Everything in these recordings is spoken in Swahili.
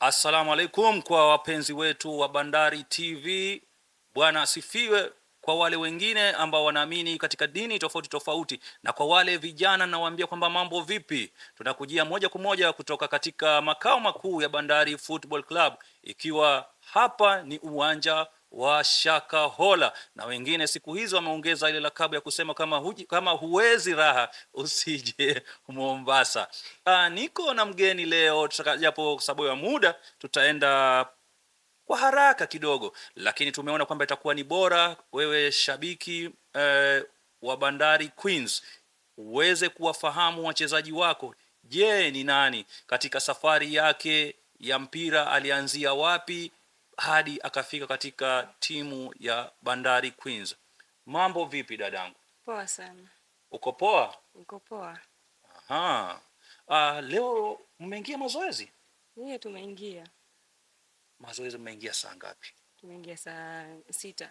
Assalamu alaikum kwa wapenzi wetu wa Bandari TV. Bwana asifiwe. Kwa wale wengine ambao wanaamini katika dini tofauti tofauti, na kwa wale vijana nawaambia kwamba mambo vipi, tunakujia moja kwa moja kutoka katika makao makuu ya Bandari Football Club, ikiwa hapa ni uwanja Washakahola na wengine siku hizi wameongeza ile lakabu ya kusema kama, huji, kama huwezi raha usije Mombasa. Aa, ah, niko na mgeni leo, japo kwa sababu ya muda tutaenda kwa haraka kidogo, lakini tumeona kwamba itakuwa ni bora wewe shabiki eh, wa Bandari Queens uweze kuwafahamu wachezaji wako. Je, ni nani katika safari yake ya mpira alianzia wapi hadi akafika katika timu ya Bandari Queens. Mambo vipi dadangu? Poa sana. Uko poa? Uko poa. Aha. Uh, leo mmeingia mazoezi? Ndiyo, tumeingia mazoezi. Mmeingia saa ngapi? Tumeingia saa sita,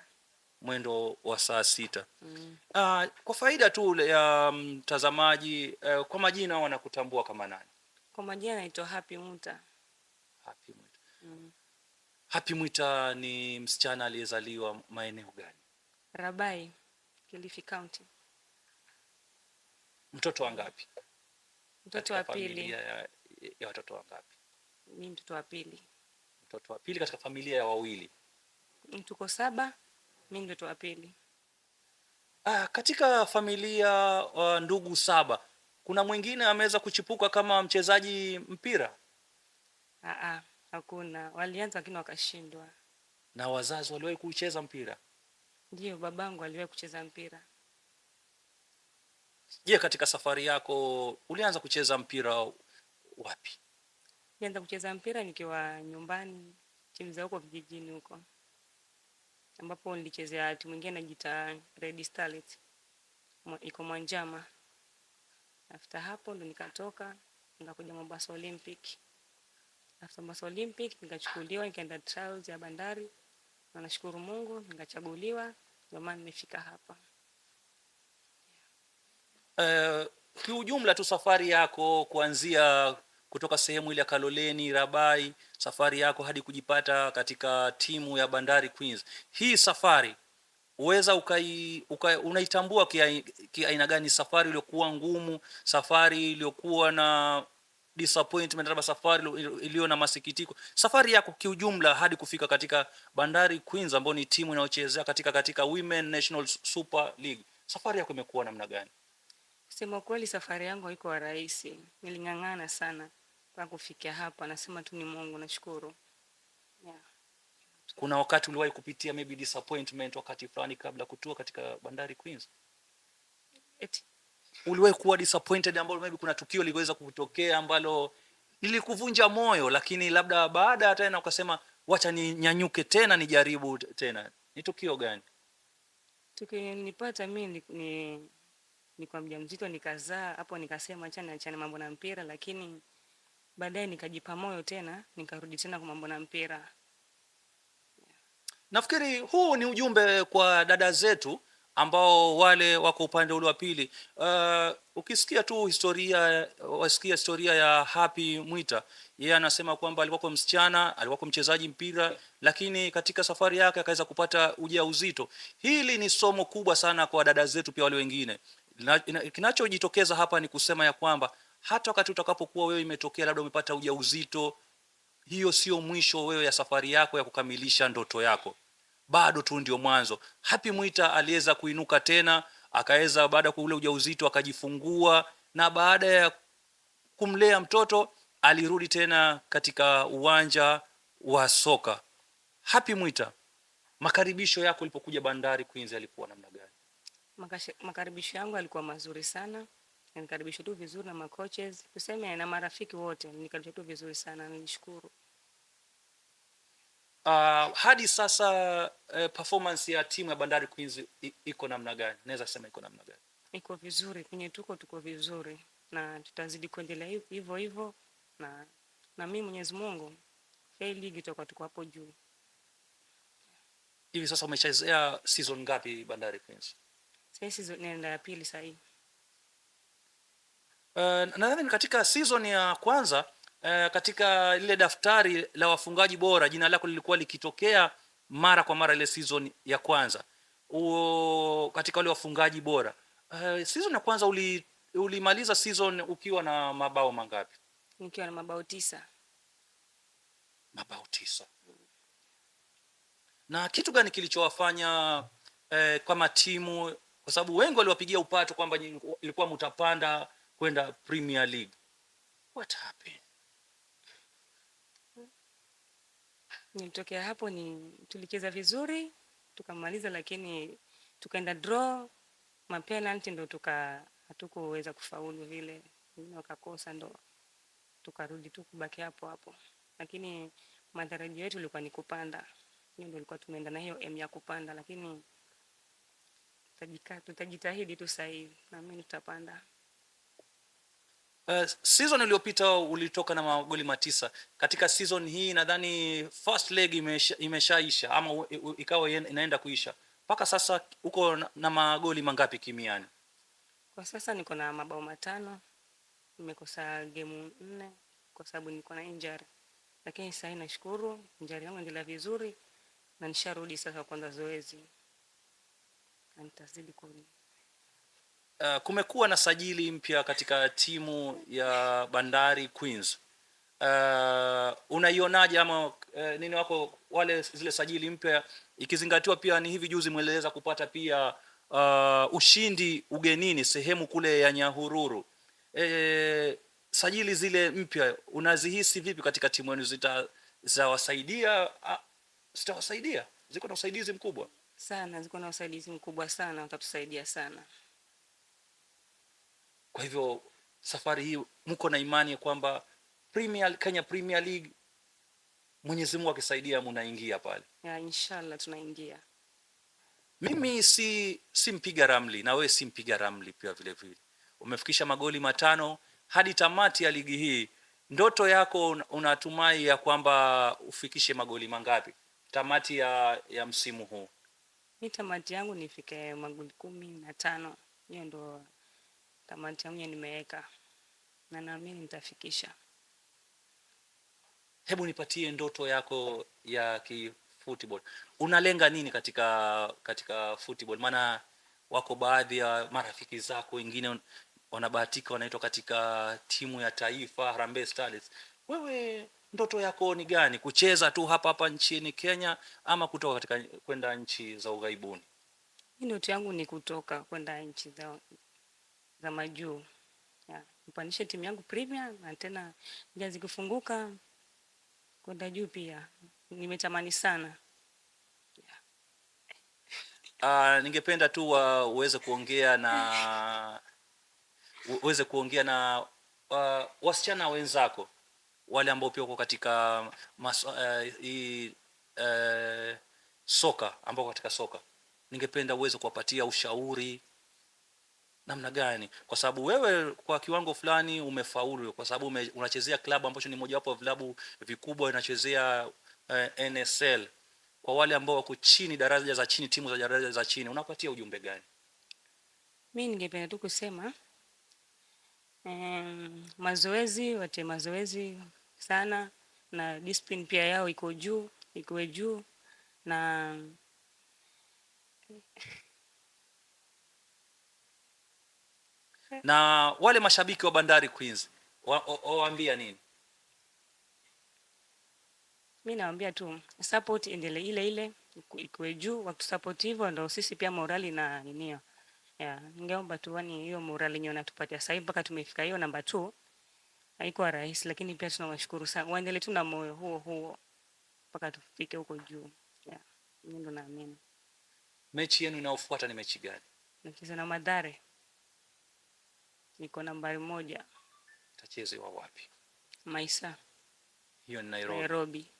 mwendo wa saa sita. Mm. Uh, kwa faida tu ya um, mtazamaji uh, kwa majina wanakutambua kama nani? Kwa majina naitwa Happy Muta. Happy Muta. Mm. Happy Mwita ni msichana aliyezaliwa maeneo gani? Rabai, Kilifi County. Mtoto ngapi? Mtoto wa pili. Ya, ya watoto ngapi? Mimi mtoto wa pili. Mtoto wa pili katika familia ya wawili. Mm, tuko saba, mimi mtoto wa pili. Ah, katika familia uh, ndugu saba kuna mwingine ameweza kuchipuka kama mchezaji mpira? Aa. Ah, ah. Hakuna, walianza lakini wakashindwa. Na wazazi waliwahi kucheza mpira? Ndio, babangu aliwahi kucheza mpira. Je, katika safari yako ulianza kucheza mpira wapi? Nilianza kucheza mpira nikiwa nyumbani, timu za huko vijijini huko, ambapo nilichezea timu nyingine najita Red Starlet, iko Mwanjama. After hapo ndo nikatoka nikakuja Mombasa Olympic. After Mars Olympic nikachukuliwa nikaenda trials ya Bandari, na nashukuru Mungu nikachaguliwa, ndio maana nimefika hapa. Uh, kiujumla tu safari yako kuanzia kutoka sehemu ile ya Kaloleni, Rabai, safari yako hadi kujipata katika timu ya Bandari Queens, hii safari uweza ukai, ukai, unaitambua kiaina kia gani? Safari iliyokuwa ngumu, safari iliyokuwa na disappointment labda safari iliyo na masikitiko, safari yako kiujumla hadi kufika katika Bandari Queens ambayo ni timu inayochezea katika katika Women National Super League, safari yako imekuwa namna gani? sema kweli, safari yangu haikuwa rahisi, niling'ang'ana sana mpaka kufikia hapa. Nasema tu ni Mungu, nashukuru yeah. Kuna wakati uliwahi kupitia maybe disappointment wakati fulani kabla kutua katika Bandari Queens? Eti uliwahi kuwa disappointed, ambalo maybe kuna tukio liliweza kutokea ambalo lilikuvunja moyo, lakini labda baada tena ukasema wacha ninyanyuke tena nijaribu tena? Ni tukio gani nipata mimi ni, ni, ni kwa mjamzito nikazaa hapo, nikasema acha niachane mambo na mpira, lakini baadaye nikajipa moyo tena nikarudi tena kwa mambo na mpira. Nafikiri huu ni ujumbe kwa dada zetu ambao wale wako upande ule wa pili. Uh, ukisikia tu historia, wasikia historia ya Happy Mwita, yeye anasema kwamba alikuwa kwa msichana, alikuwa kwa mchezaji mpira, lakini katika safari yake akaweza kupata ujauzito. Hili ni somo kubwa sana kwa dada zetu pia wale wengine. Kinachojitokeza hapa ni kusema ya kwamba hata wakati utakapokuwa wewe imetokea labda umepata ujauzito, hiyo sio mwisho wewe ya safari yako ya kukamilisha ndoto yako bado tu ndio mwanzo. Happy Mwita aliweza kuinuka tena, akaweza baada ya ule ujauzito akajifungua, na baada ya kumlea mtoto alirudi tena katika uwanja wa soka. Happy Mwita, makaribisho yako ulipokuja Bandari Queens yalikuwa namna gani? Makaribisho yangu alikuwa mazuri sana, nikaribishwa tu vizuri na makoches, tuseme na marafiki wote, nikaribishwa tu vizuri sana, nishukuru. Uh, hadi sasa uh, performance ya timu ya Bandari Queens iko namna gani? Naweza sema iko namna gani? Iko vizuri, kwenye tuko tuko vizuri na tutazidi kuendelea hivyo hivyo, na na mimi Mwenyezi Mungu hii ligi tutakuwa tuko hapo juu. Hivi sasa umechezea season ngapi Bandari Queens? Sasa season inaenda ya pili sasa hivi. Uh, nadhani katika season ya kwanza eh, katika lile daftari la wafungaji bora jina lako lilikuwa likitokea mara kwa mara ile season ya kwanza o, katika wale wafungaji bora eh, season ya kwanza uli, ulimaliza season ukiwa na mabao mangapi? Nikiwa na mabao tisa. Mabao tisa. Na kitu gani kilichowafanya eh, kama timu kwa sababu wengi waliwapigia upato kwamba ilikuwa mtapanda kwenda Premier League. What happened? Nilitokea hapo ni tulicheza vizuri tukamaliza, lakini tukaenda draw mapenalti, ndo tuka hatukuweza kufaulu vile, wakakosa ndo tukarudi tu kubaki hapo hapo, lakini matarajio yetu ilikuwa ni kupanda, hiyo ndo ilikuwa tumeenda na hiyo m ya kupanda, lakini tutajitahidi tu sasa hivi, naamini tutapanda sizon eh, season iliyopita ulitoka na magoli matisa. Katika season hii nadhani first leg imesha, imeshaisha ama ikawa inaenda kuisha. Mpaka sasa uko na, na magoli mangapi kimiani? Kwa sasa niko na mabao matano. Nimekosa gemu nne kwa sababu niko na injari Lakini sahi nashukuru injari yangu endelea vizuri na nisharudi sasa kwanza zoezi. Na nitazidi kurudi uh, kumekuwa na sajili mpya katika timu ya Bandari Queens. Uh, unaionaje ama uh, nini wako wale zile sajili mpya ikizingatiwa pia ni hivi juzi mweleza kupata pia uh, ushindi ugenini sehemu kule ya Nyahururu. E, sajili zile mpya unazihisi vipi katika timu yenu, zitawasaidia zitawasaidia? Ziko na usaidizi mkubwa sana, ziko na usaidizi mkubwa sana, utatusaidia sana. Kwa hivyo safari hii mko na imani ya kwamba Premier, Kenya Premier League Mwenyezi Mungu akisaidia munaingia pale. Ya, inshallah tunaingia. Mimi si si mpiga ramli na wewe si mpiga ramli pia vile vile. Umefikisha magoli matano hadi tamati ya ligi hii. Ndoto yako unatumai ya kwamba ufikishe magoli mangapi tamati ya, ya msimu huu? Mi tamati yangu nifike magoli kumi na tano. Hiyo ndo Kamati yangu nimeweka na naamini nitafikisha. Hebu nipatie ndoto yako ya kifootball, unalenga nini katika katika football? Maana wako baadhi ya marafiki zako wengine wanabahatika wanaitwa katika timu ya taifa Harambee Stars. Wewe ndoto yako ni gani? Kucheza tu hapa hapa nchini Kenya ama kutoka katika kwenda nchi za ughaibuni? Ndoto yangu ni kutoka kwenda nchi za za majuu Nipandishe timu yangu Premier na tena njia zikifunguka kwenda juu pia nimetamani sana yeah. Uh, ningependa tu uweze kuongea na uweze kuongea na uh, wasichana wenzako wale ambao pia wako katika mas, uh, eh, i, uh, eh, soka ambao katika soka, ningependa uweze kuwapatia ushauri namna gani, kwa sababu wewe kwa kiwango fulani umefaulu, kwa sababu ume, unachezea klabu ambacho ni mojawapo ya vilabu vikubwa, inachezea eh, NSL. Kwa wale ambao wako chini, daraja za chini, timu za daraja za chini, unapatia ujumbe gani? Mimi ningependa tu kusema um, mazoezi wate mazoezi sana na discipline pia yao iko juu, ikuwe juu na na wale mashabiki wa Bandari Queens wawaambia nini? Mi nawaambia tu support endelee ile ile ikuwe juu, watu support hivyo ndio sisi pia morali na ninio yeah. Ningeomba tu wani hiyo morali yenyewe natupatia sasa mpaka tumefika hiyo namba 2 haikuwa rahisi, lakini pia tunawashukuru sana, waendelee tu na moyo huo huo mpaka tufike huko juu yeah. Mimi ndo naamini. Mechi yenu inayofuata ni mechi gani? Nacheza na Madhare. Niko nambari moja. Tachezewa wapi? Maisa. Hiyo ni Nairobi. Nairobi.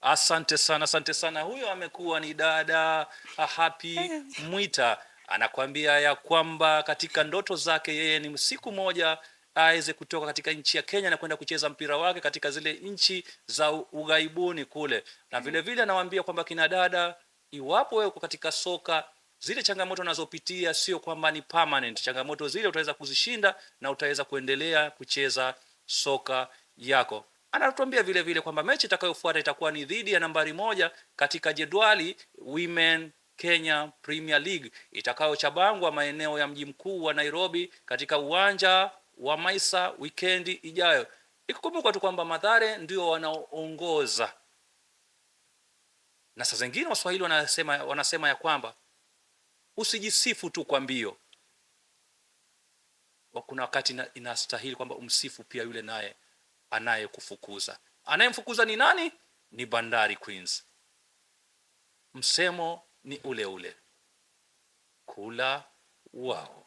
Asante sana, asante sana. Huyo amekuwa ni dada ah, Happy Mwita, anakuambia ya kwamba katika ndoto zake yeye ni siku moja aweze kutoka katika nchi ya Kenya na kwenda kucheza mpira wake katika zile nchi za ughaibuni kule, na vilevile mm-hmm. anawaambia kwamba kina dada, iwapo wewe uko katika soka zile changamoto unazopitia sio kwamba ni permanent. Changamoto zile utaweza kuzishinda na utaweza kuendelea kucheza soka yako. Anatuambia vile vile kwamba mechi itakayofuata itakuwa ni dhidi ya nambari moja katika jedwali Women Kenya Premier League itakayochabangwa maeneo ya mji mkuu wa Nairobi katika uwanja wa Maisa wikendi ijayo. Ikukumbuka tu kwamba Mathare ndio wanaoongoza, na saa zingine Waswahili wanasema, wanasema ya kwamba Usijisifu tu kwa mbio, kuna wakati inastahili kwamba umsifu pia yule naye anayekufukuza. Anayemfukuza ni nani? Ni Bandari Queens. Msemo ni ule ule, kula wao.